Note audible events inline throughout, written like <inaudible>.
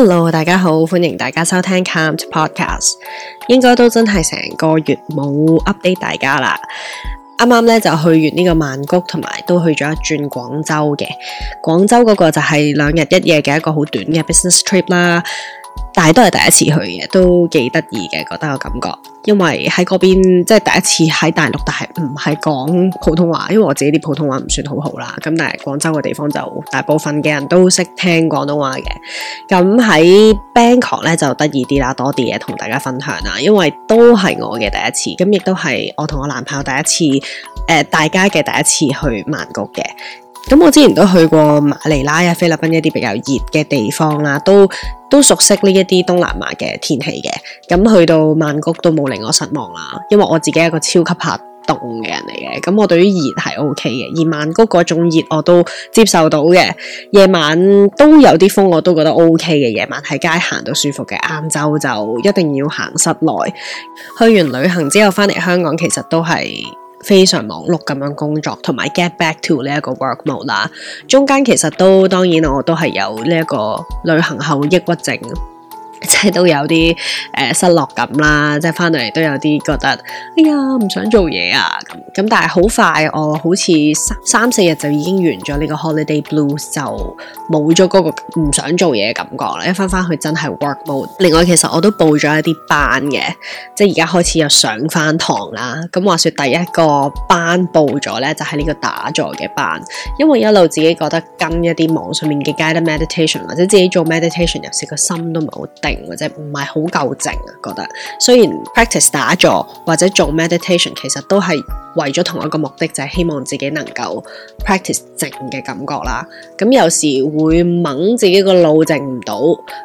Hello，大家好，歡迎大家收聽 Calmed Podcast。應該都真係成個月冇 update 大家啦。啱啱咧就去完呢個曼谷，同埋都去咗一轉廣州嘅。廣州嗰個就係兩日一夜嘅一個好短嘅 business trip 啦。但係都係第一次去嘅，都幾得意嘅，覺得個感覺。因為喺嗰邊即係第一次喺大陸，但係唔係講普通話，因為我自己啲普通話唔算好好啦。咁但係廣州嘅地方就大部分嘅人都識聽廣東話嘅。咁喺 Bangkok 咧就得意啲啦，多啲嘢同大家分享啦。因為都係我嘅第一次，咁亦都係我同我男朋友第一次，誒、呃、大家嘅第一次去曼谷嘅。咁我之前都去過馬尼拉啊菲律賓，一啲比較熱嘅地方啦，都都熟悉呢一啲東南亞嘅天氣嘅。咁去到曼谷都冇令我失望啦，因為我自己係一個超級怕凍嘅人嚟嘅。咁我對於熱係 O K 嘅，而曼谷嗰種熱我都接受到嘅。夜晚都有啲風，我都覺得 O K 嘅。夜晚喺街行到舒服嘅，晏晝就一定要行室內。去完旅行之後翻嚟香港，其實都係。非常忙碌咁樣工作，同埋 get back to 呢一個 work mode 啦。中間其實都當然，我都係有呢一個旅行後抑鬱症。即係都有啲誒失落感啦，即係翻到嚟都有啲覺得，哎呀唔想做嘢啊咁。咁但係好快，我好似三三四日就已經完咗呢個 holiday blues 就冇咗嗰個唔想做嘢嘅感覺啦。一翻翻去真係 work mode。另外其實我都報咗一啲班嘅，即係而家開始又上翻堂啦。咁話說第一個班報咗呢就係呢個打坐嘅班，因為一路自己覺得跟一啲網上面嘅 guided meditation 或者自己做 meditation，有時個心都唔係好定。或者唔係好夠靜啊，覺得雖然 practice 打坐或者做 meditation，其實都係為咗同一個目的，就係、是、希望自己能夠 practice 靜嘅感覺啦。咁有時會掹自己個腦靜唔到，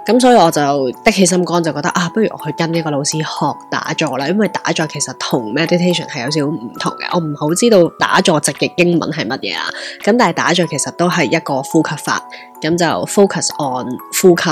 咁所以我就的起心肝，就覺得啊，不如我去跟呢個老師學打坐啦。因為打坐其實 med 同 meditation 係有少少唔同嘅，我唔好知道打坐直嘅英文係乜嘢啦。咁但係打坐其實都係一個呼吸法，咁就 focus on 呼吸。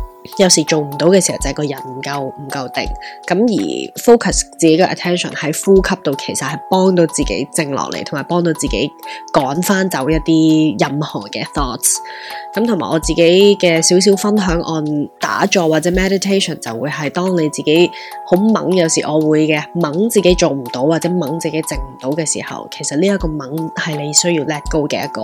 有時做唔到嘅時候就係個人唔夠唔夠定，咁而 focus 自己嘅 attention 喺呼吸度，其實係幫到自己靜落嚟，同埋幫到自己趕翻走一啲任何嘅 thought。咁同埋我自己嘅少少分享，on 打坐或者 meditation 就會係當你自己好猛，有時我會嘅猛自己做唔到或者猛自己靜唔到嘅時候，其實呢一個猛係你需要 let go 嘅一個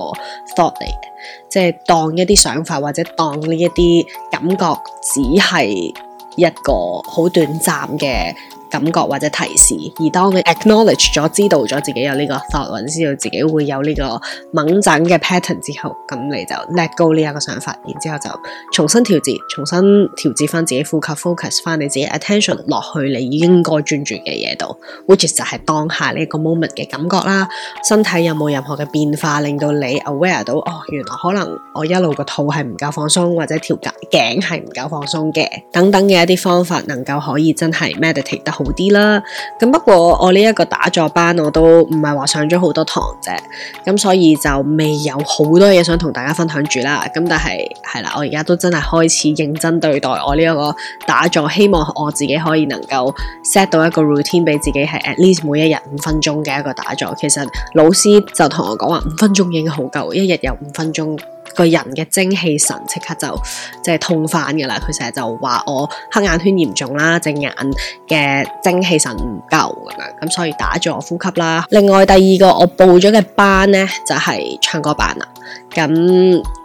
thought 嚟嘅，即係當一啲想法或者當呢一啲感覺。只係一個好短暫嘅。感覺或者提示，而當你 acknowledge 咗、知道咗自己有呢個 t h 知道自己會有呢個猛震嘅 pattern 之後，咁你就 let go 呢一個想法，然之後就重新調節、重新調節翻自己呼吸、focus 翻你自己 attention 落去你應該專注嘅嘢度，which 就係當下呢個 moment 嘅感覺啦。身體有冇任何嘅變化，令到你 aware 到哦，原來可能我一路個肚係唔夠放鬆，或者條頸係唔夠放鬆嘅，等等嘅一啲方法，能夠可以真係 meditate 得。好啲啦，咁不過我呢一個打坐班我都唔係話上咗好多堂啫，咁所以就未有好多嘢想同大家分享住啦。咁但係係啦，我而家都真係開始認真對待我呢一個打坐，希望我自己可以能夠 set 到一個 routine 俾自己係 at least 每一日五分鐘嘅一個打坐。其實老師就同我講話，五分鐘已經好夠，一日有五分鐘。個人嘅精氣神即刻就痛翻噶啦，佢成日就話我黑眼圈嚴重啦，隻眼嘅精氣神唔夠，咁所以打住我呼吸啦。另外第二個我報咗嘅班呢就係唱歌班啦。咁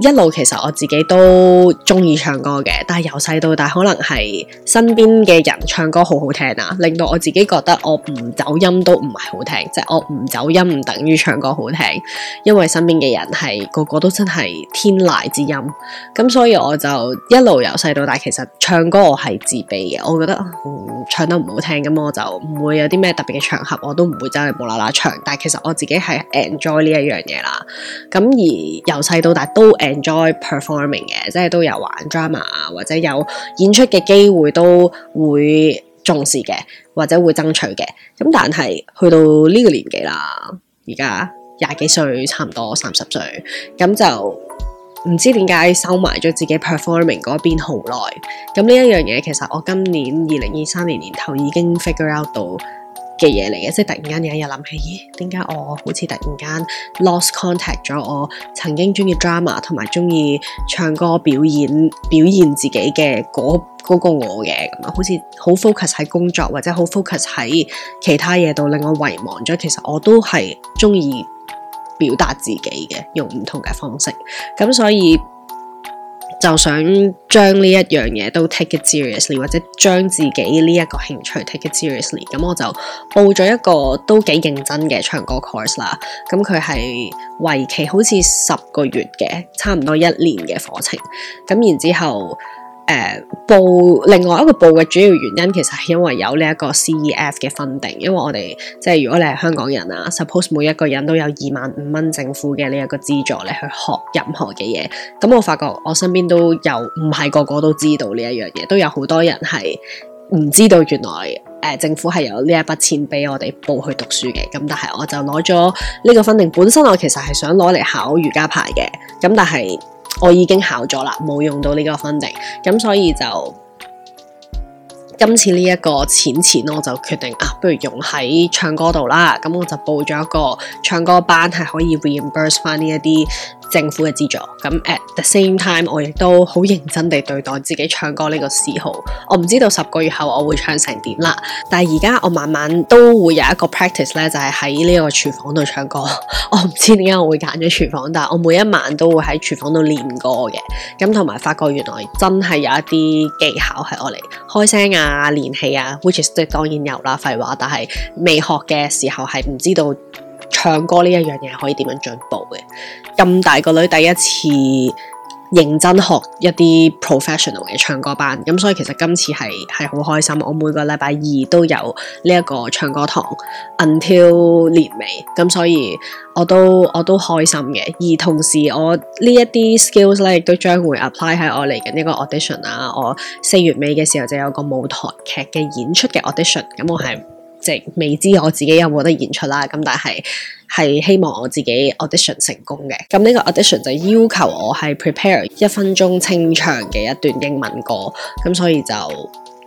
一路其實我自己都中意唱歌嘅，但係由細到大可能係身邊嘅人唱歌好好聽啊，令到我自己覺得我唔走音都唔係好聽，即係我唔走音唔等於唱歌好聽，因為身邊嘅人係個個都真係天籟之音，咁所以我就一路由細到大其實唱歌我係自卑嘅，我覺得，嗯，唱得唔好聽，咁我就唔會有啲咩特別嘅場合我都唔會走去無啦啦唱，但係其實我自己係 enjoy 呢一樣嘢，啦，咁，嗯，而。由細到大都 enjoy performing 嘅，即係都有玩 drama，或者有演出嘅機會都會重視嘅，或者會爭取嘅。咁但係去到呢個年紀啦，而家廿幾歲，差唔多三十歲，咁就唔知點解收埋咗自己 performing 嗰邊好耐。咁呢一樣嘢，其實我今年二零二三年年頭已經 figure out 到。嘅嘢嚟嘅，即係突然間有一日諗起，咦、欸？點解我好似突然間 lost contact 咗？我曾經中意 drama，同埋中意唱歌表演、表現自己嘅嗰嗰個我嘅咁樣，好似好 focus 喺工作或者好 focus 喺其他嘢度，令我遺忘咗。其實我都係中意表達自己嘅，用唔同嘅方式。咁所以。就想將呢一樣嘢都 take it seriously，或者將自己呢一個興趣 take it seriously、嗯。咁我就報咗一個都幾認真嘅唱歌 course 啦。咁佢係為期好似十個月嘅，差唔多一年嘅課程。咁、嗯、然之後。誒，uh, 報另外一個報嘅主要原因，其實係因為有呢一個 CEF 嘅 funding，因為我哋即係如果你係香港人啊，suppose 每一個人都有二萬五蚊政府嘅呢一個資助嚟去學任何嘅嘢。咁我發覺我身邊都有唔係個個都知道呢一樣嘢，都有好多人係唔知道原來誒、呃、政府係有呢一筆錢俾我哋報去讀書嘅。咁但係我就攞咗呢個 funding 本身，我其實係想攞嚟考瑜伽牌嘅。咁但係。我已經考咗啦，冇用到呢個 funding，咁所以就。今次呢一個錢錢，我就決定啊，不如用喺唱歌度啦。咁我就報咗一個唱歌班，係可以 reimburse 翻呢一啲政府嘅資助。咁 at the same time，我亦都好認真地對待自己唱歌呢個嗜好。我唔知道十個月後我會唱成點啦。但係而家我慢慢都會有一個 practice 咧，就係喺呢一個廚房度唱歌。 <laughs> 我唔知點解我會揀咗廚房，但係我每一晚都會喺廚房度練歌嘅。咁同埋發覺原來真係有一啲技巧係我嚟開聲啊！啊，練氣啊，which is 即係當然有啦，廢話。但係未學嘅時候係唔知道唱歌呢一樣嘢可以點樣進步嘅。咁大個女第一次，認真學一啲 professional 嘅唱歌班，咁所以其實今次係係好開心。我每個禮拜二都有呢一個唱歌堂，until 年尾，咁所以我都我都開心嘅。而同時，我呢一啲 skills 呢，亦都將會 apply 喺我嚟緊呢個 audition 啊。我四月尾嘅時候就有個舞台劇嘅演出嘅 audition，咁我係。未知我自己有冇得演出啦，咁但係係希望我自己 audition 成功嘅。咁呢個 audition 就要求我係 prepare 一分鐘清唱嘅一段英文歌，咁所以就。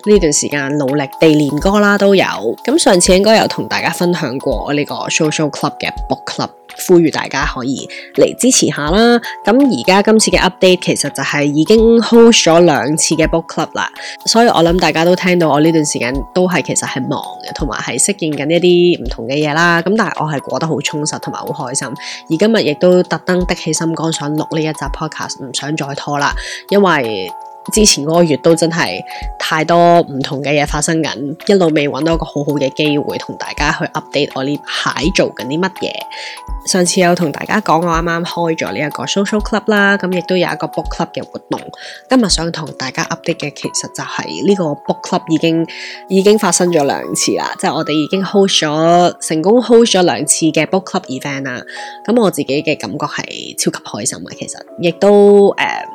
呢段時間努力地練歌啦，都有。咁上次應該有同大家分享過我呢個 Sole Soul Club 嘅 book club，呼籲大家可以嚟支持下啦。咁而家今次嘅 update 其實就係已經 host 咗兩次嘅 book club 啦。所以我諗大家都聽到我呢段時間都係其實係忙嘅，同埋係適應緊一啲唔同嘅嘢啦。咁但係我係過得好充實，同埋好開心。而今日亦都特登的起心肝想錄呢一集 podcast，唔想再拖啦，因為。之前嗰個月都真係太多唔同嘅嘢發生緊，一路未揾到一個好好嘅機會同大家去 update 我呢排做緊啲乜嘢。上次有同大家講我啱啱開咗呢一個 social club 啦，咁亦都有一個 book club 嘅活動。今日想同大家 update 嘅其實就係呢個 book club 已經已經發生咗兩次啦，即係我哋已經 hold 咗成功 hold 咗兩次嘅 book club event 啦。咁我自己嘅感覺係超級開心啊，其實亦都誒。Uh,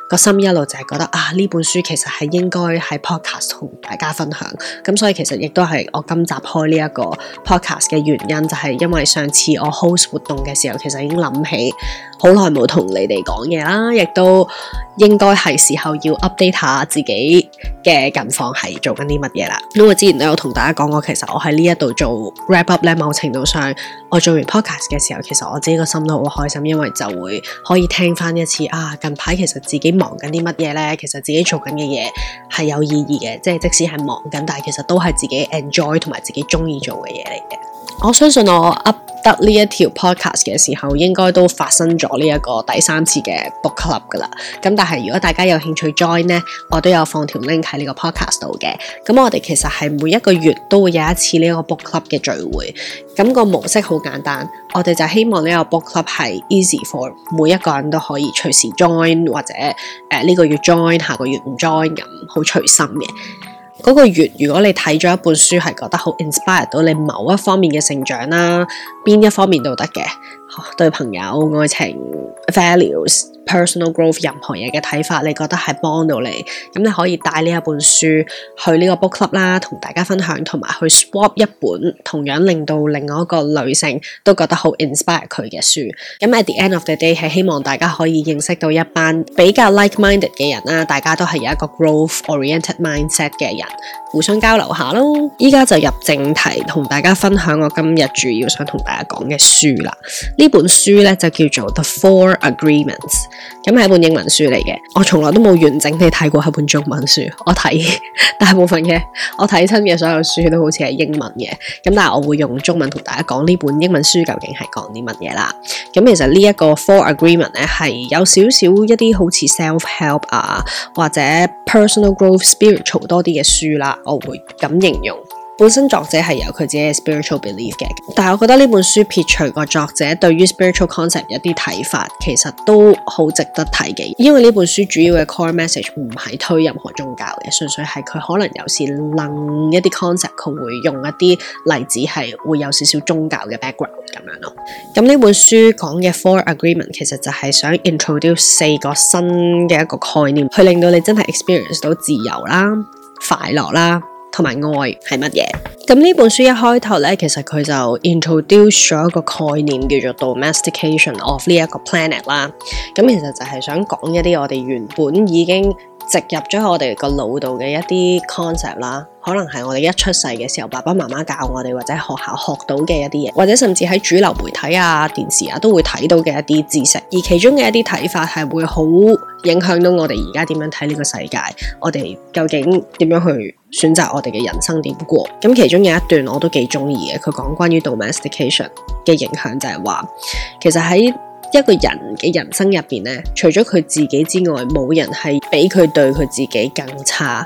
個心一路就係覺得啊呢本書其實係應該喺 podcast 同大家分享，咁所以其實亦都係我今集開呢一個 podcast 嘅原因，就係因為上次我 host 活動嘅時候，其實已經諗起好耐冇同你哋講嘢啦，亦都應該係時候要 update 下自己嘅近況係做緊啲乜嘢啦。因為之前都有同大家講過，其實我喺呢一度做 wrap up 呢，某程度上我做完 podcast 嘅時候，其實我自己個心都好開心，因為就會可以聽翻一次啊近排其實自己。忙緊啲乜嘢呢？其實自己做緊嘅嘢係有意義嘅，即使係忙緊，但係其實都係自己 enjoy 同埋自己鍾意做嘅嘢嚟嘅。我相信我 up 得呢一條 podcast 嘅時候，應該都發生咗呢一個第三次嘅 book club 噶啦。咁但係如果大家有興趣 join 呢，我都有放條 link 喺呢個 podcast 度嘅。咁我哋其實係每一個月都會有一次呢一個 book club 嘅聚會。咁、個模式好簡單，我哋就希望呢個 book club 係 easy for 每一個人都可以隨時 join 或者誒呢、呃呢個月 join 下個月唔 join 咁好隨心嘅。嗰個月，如果你睇咗一本書，係覺得好 inspire 到你某一方面嘅成長啦，邊一方面都得嘅。對朋友、愛情、values、personal growth 任何嘢嘅睇法，你覺得係幫到你？咁你可以帶呢一本書去呢個 book club 啦，同大家分享，同埋去 swap 一本同樣令到另外一個女性都覺得好 inspire 佢嘅書。咁 at the end of the day，係希望大家可以認識到一班比較 like minded 嘅人啦，大家都係有一個 growth oriented mindset 嘅人，互相交流下咯。依家就入正題，同大家分享我今日主要想同大家講嘅書啦。呢本書咧就叫做 The Four Agreements，咁係一本英文書嚟嘅。我從來都冇完整地睇過係本中文書，我睇 <laughs> 大部分嘅，我睇親嘅所有書都好似係英文嘅。咁但係我會用中文同大家講呢本英文書究竟係講啲乜嘢啦。咁其實呢一個 Four Agreement 咧係有少少一啲好似 self-help 啊或者 personal growth、spiritual 多啲嘅書啦，我會咁形容。本身作者係有佢自己嘅 spiritual belief 嘅，但係我覺得呢本書撇除個作者對於 spiritual concept 一啲睇法，其實都好值得睇嘅。因為呢本書主要嘅 core message 唔係推任何宗教嘅，純粹係佢可能有時楞一啲 concept，佢會用一啲例子係會有少少宗教嘅 background 咁樣咯。咁呢本書講嘅 four agreement 其實就係想 introduce 四個新嘅一個概念，去令到你真係 experience 到自由啦、快樂啦。同埋愛係乜嘢？咁呢本書一開頭呢，其實佢就 introduce 咗一個概念叫做 domestication of 呢個 planet 啦。咁其實就係想講一啲我哋原本已經植入咗我哋個腦度嘅一啲 concept 啦，可能係我哋一出世嘅時候，爸爸媽媽教我哋，或者喺學校學到嘅一啲嘢，或者甚至喺主流媒體啊、電視啊都會睇到嘅一啲知識，而其中嘅一啲睇法係會好影響到我哋而家點樣睇呢個世界，我哋究竟點樣去選擇我哋嘅人生點過？咁其中有一段我都幾鍾意嘅，佢講關於 domestication 嘅影響就係話，其實喺一個人嘅人生入面，除咗佢自己之外，冇人係比佢對佢自己更差。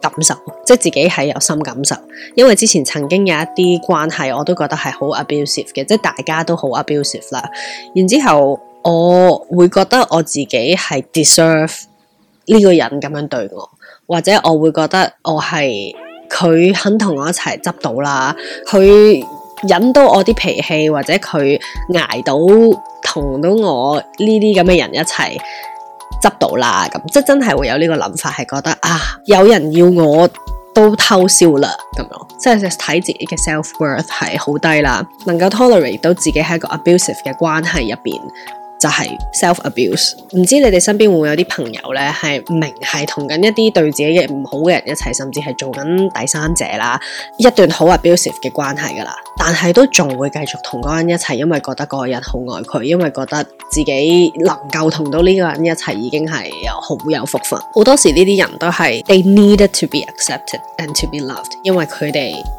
感受，即係自己係有心感受，因為之前曾經有一啲關係，我都覺得係好 abusive 嘅，即係大家都好 abusive 啦。然之後，我會覺得我自己係 deserve 呢個人咁樣對我，或者我會覺得我係佢肯同我一齊執到啦，佢忍到我啲脾氣，或者佢捱到同到我呢啲咁嘅人一齊。執到啦咁，即真係會有呢個諗法，係覺得啊，有人要我都偷笑啦咁樣，即係睇自己嘅 self worth 係好低啦，能夠 tolerate 到自己喺一個 abusive 嘅關係入邊。就係 self abuse，唔知你哋身邊會唔會有啲朋友呢，係明係同緊一啲對自己嘅唔好嘅人一齊，甚至係做緊第三者啦，一段好 abusive 嘅關係噶啦，但係都仲會繼續同嗰個人一齊，因為覺得嗰個人好愛佢，因為覺得自己能夠同到呢個人一齊已經係又好有福分。好多時呢啲人都係 they needed to be accepted and to be loved，因為佢哋。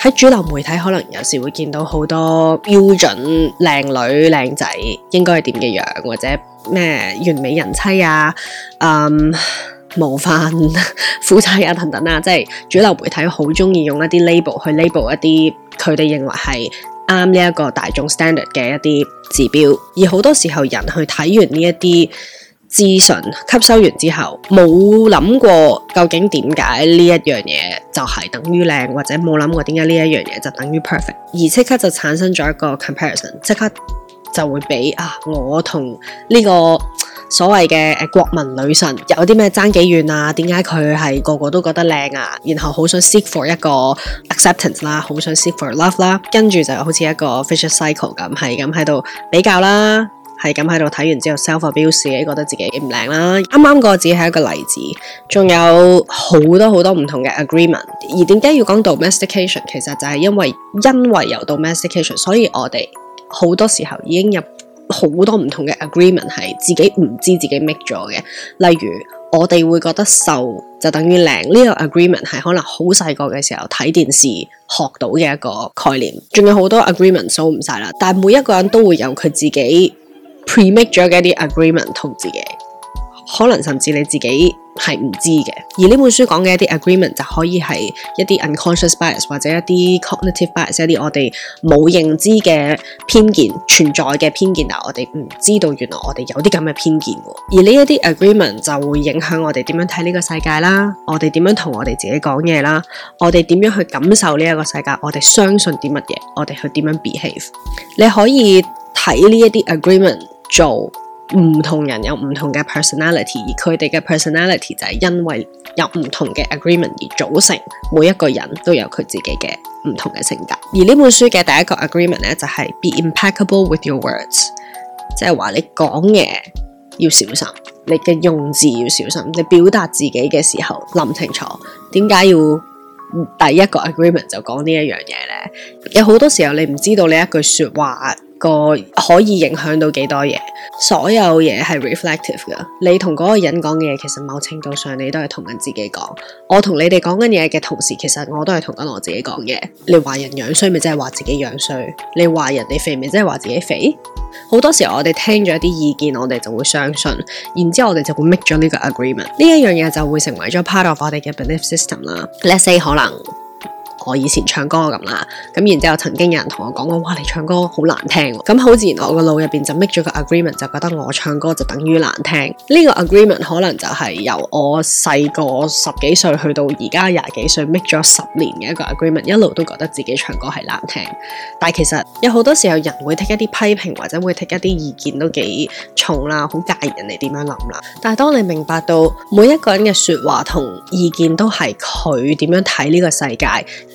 喺主流媒體可能有時會見到好多標準靚女靚仔應該係點嘅樣，或者咩完美人妻啊、嗯模範夫妻啊等等啊，即係主流媒體好中意用一啲 label 去 label 一啲佢哋認為係啱呢一個大眾 standard 嘅一啲指標，而好多時候人去睇完呢一啲。資訊吸收完之後，冇諗過究竟點解呢一樣嘢就係等於靚，或者冇諗過點解呢一樣嘢就等於 perfect，而即刻就產生咗一個 comparison，即刻就會比啊我同呢個所謂嘅誒、啊、國民女神有啲咩爭幾遠啊？點解佢係個個都覺得靚啊？然後好想 seek for 一個 acceptance 啦，好想 seek for love 啦，跟住就好似一個 fisher cycle 咁，係咁喺度比較啦。係咁喺度睇完之後，self abuse 自己覺得自己唔靚啦。啱啱個字係一個例子，仲有好多好多唔同嘅 agreement。而點解要講 domestication？其實就係因為因為有 domestication，所以我哋好多時候已經有好多唔同嘅 agreement，係自己唔知自己 make 咗嘅。例如我哋會覺得瘦就等於靚呢個 agreement，係可能好細個嘅時候睇電視學到嘅一個概念。仲有好多 agreement，數唔晒啦。但係每一個人都會有佢自己。pre-made 咗嘅一啲 agreement 同自己，可能甚至你自己係唔知嘅。而呢本書講嘅一啲 agreement 就可以係一啲 unconscious bias 或者一啲 cognitive bias，一啲我哋冇認知嘅偏見存在嘅偏見。嗱，我哋唔知道原來我哋有啲咁嘅偏見喎。而呢一啲 agreement 就會影響我哋點樣睇呢個世界啦，我哋點樣同我哋自己講嘢啦，我哋點樣去感受呢一個世界，我哋相信啲乜嘢，我哋去點樣 behave。你可以睇呢一啲 agreement。做唔同人有唔同嘅 personality，而佢哋嘅 personality 就係因為有唔同嘅 agreement 而組成。每一個人都有佢自己嘅唔同嘅性格。而呢本書嘅第一個 agreement 咧就係 be impeccable with your words，即係話你講嘢要小心，你嘅用字要小心，你表達自己嘅時候諗清楚。點解要第一個 agreement 就講呢一樣嘢咧？有好多時候你唔知道你一句說話。個可以影響到幾多嘢？所有嘢係 reflective 㗎。你同嗰個人講嘅嘢，其實某程度上你都係同緊自己講。我同你哋講緊嘢嘅同時，其實我都係同緊我自己講嘅。你話人樣衰，咪即係話自己樣衰？你話人你肥，咪即係話自己肥？好多時候我哋聽咗一啲意見，我哋就會相信，然之後我哋就會 make 咗呢個 agreement。呢一樣嘢就會成為咗 part of 我哋嘅 belief system 啦。Let’s say 可能。我以前唱歌咁啦，咁然之後曾經有人同我講過，哇，你唱歌好難聽啊。咁好自然，我個腦入邊就 make 咗個 agreement，就覺得我唱歌就等於難聽。呢個 agreement 可能就係由我細個十幾歲去到而家廿幾歲 make 咗十年嘅一個 agreement，一路都覺得自己唱歌係難聽。但係其實有好多時候人會 take 一啲批評或者會 take 一啲意見都幾重啦，好介意人哋點樣諗啦。但係當你明白到每一個人嘅說話同意見都係佢點樣睇呢個世界。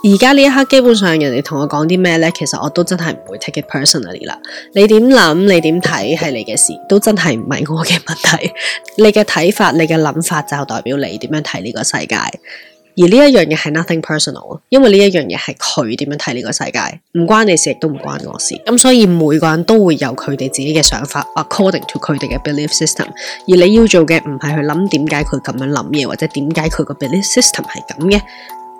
而家呢一刻，基本上人哋同我講啲咩呢？其實我都真係唔會 take it personally 啦。你點諗，你點睇，係你嘅事，都真係唔係我嘅問題。 <laughs> 你嘅睇法，你嘅諗法就代表你點樣睇呢個世界。而呢一樣嘢係 nothing personal，因為呢一樣嘢係佢點樣睇呢個世界，唔關你事，亦都唔關我事。咁所以每個人都會有佢哋自己嘅想法，according to 佢哋嘅 belief system。而你要做嘅唔係去諗點解佢咁樣諗嘢，或者點解佢個 belief system 係咁嘅。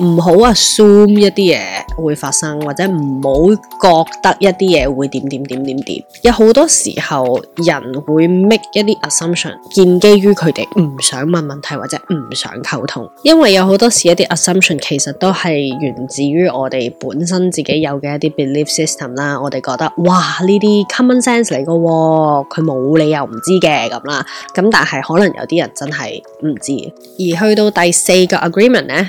唔好 assume 一啲嘢會發生，或者唔好覺得一啲嘢會點點點點點。有好多時候人會 make 一啲 assumption，建基於佢哋唔想問問題或者唔想溝通，因為有好多時一啲 assumption 其實都係源自於我哋本身自己有嘅一啲 belief system 啦。我哋覺得嘩，呢啲 common sense 嚟㗎，佢冇理由唔知嘅咁啦。咁但係可能有啲人真係唔知。而去到第四個 agreement 咧。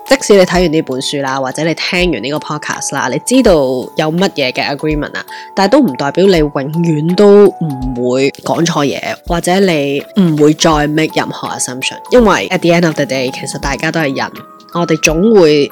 即使你睇完呢本書啦，或者你聽完呢個 podcast 啦，你知道有乜嘢嘅 agreement 啊，但係都唔代表你永遠都唔會講錯嘢，或者你唔會再 make 任何 assumption，因為 at the end of the day，其實大家都係人，我哋總會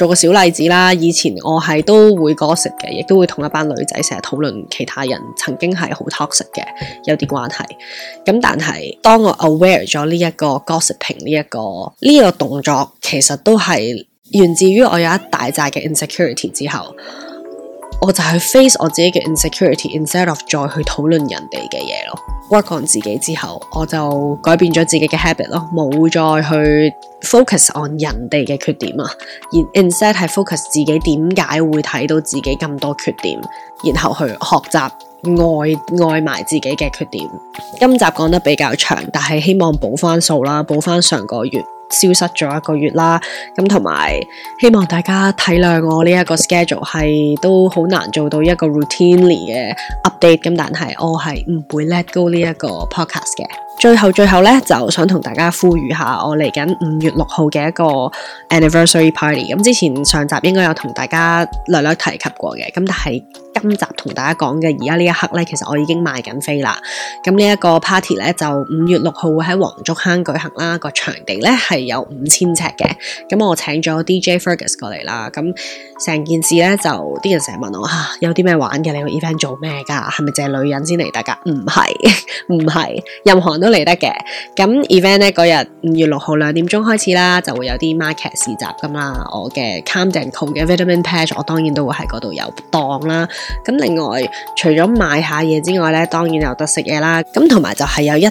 做個小例子啦，以前我係都會 gossip 嘅，亦都會同一班女仔成日討論其他人曾經係好 toxic 嘅，有啲關係。咁但係當我 aware 咗呢一個 gossiping 呢一個呢個動作，其實都係源自於我有一大扎嘅 insecurity 之後。我就去 face 我自己嘅 insecurity，instead of 再去討論人哋嘅嘢咯。work on 自己之後，我就改變咗自己嘅 habit 咯，冇再去 focus on 人哋嘅缺點啊。而 instead 係 focus 自己點解會睇到自己咁多缺點，然後去學習愛愛埋自己嘅缺點。今集講得比較長，但係希望補翻數啦，補翻上個月。消失咗一個月啦，咁同埋希望大家體諒我呢一個 schedule 係都好難做到一個 routine 嘅 update，咁但係我係唔會 let go 呢一個 podcast 嘅。最後最後咧，就想同大家呼籲下，我嚟緊五月六號嘅一個 anniversary party。咁之前上集應該有同大家略略提及過嘅，咁但係今集同大家講嘅，而家呢一刻咧，其實我已經賣緊飛啦。咁呢一個 party 咧，就五月六號會喺黃竹坑舉行啦。個場地咧，係有五千尺嘅。咁我請咗 DJ Fergus 過嚟啦。咁成件事咧，就啲人成日問我啊，有啲咩玩嘅？你個 event 做咩噶？係咪淨係女人先嚟？大家唔係唔係，任何人都。嚟得嘅，咁 event 咧嗰日五月六號兩點鐘開始啦，就會有啲 market 市集咁啦。我嘅 Calmed & Co 嘅 vitamin patch，我當然都會喺嗰度有檔啦。咁另外除咗買下嘢之外呢，當然有得食嘢啦。咁同埋就係有一。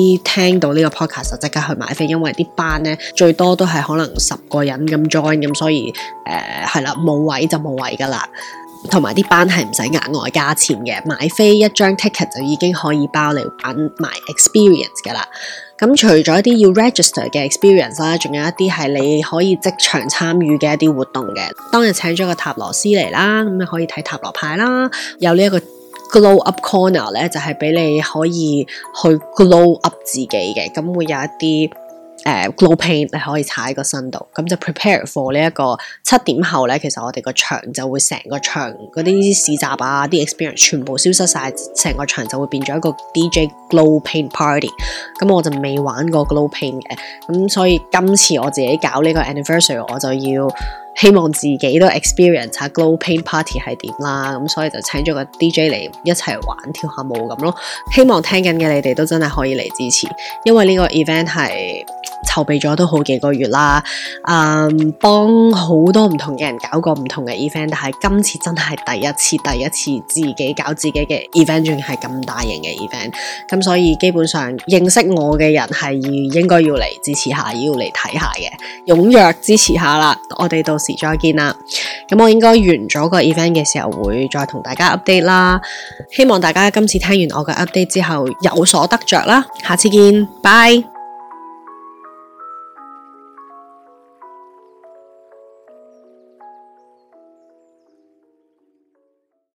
聽到呢個 podcast 就即刻去買飛，因為啲班咧，最多都係可能十個人咁 join，咁所以誒係啦，冇位就冇位噶啦。同埋啲班係唔使額外加錢嘅，買飛一張 ticket 就已經可以包你玩埋 experience 噶啦。咁除咗一啲要 register 嘅 experience 啦，仲有一啲係你可以即場參與嘅一啲活動嘅。當日請咗個塔羅師嚟啦，咁你可以睇塔羅牌啦，有呢一個。Glow up corner 咧就係俾你可以去 glow up 自己嘅，咁會有一啲誒、uh, glow paint 你可以踩喺個身度，咁就 prepare for 呢一個七點後咧，其實我哋個場就會成個場嗰啲市集啊、啲 experience 全部消失晒，成個場就會變咗一個 DJ glow paint party。咁我就未玩過 glow paint 嘅，咁所以今次我自己搞呢個 anniversary 我就要。希望自己都 experience 下 glow paint party 係點啦，咁所以就請咗個 DJ 嚟一齊玩跳下舞咁咯。希望聽緊嘅你哋都真係可以嚟支持，因為呢個 event 係籌備咗都好幾個月啦。嗯，幫好多唔同嘅人搞過唔同嘅 event，但係今次真係第一次，第一次自己搞自己嘅 event 仲係咁大型嘅 event。咁所以基本上認識我嘅人係應該要嚟支持下，要嚟睇下嘅，踴躍支持下啦。我哋到。時再見啦，咁我應該完咗個 event 嘅時候會再同大家 update 啦，希望大家今次聽完我嘅 update 之後有所得着啦，下次見，拜。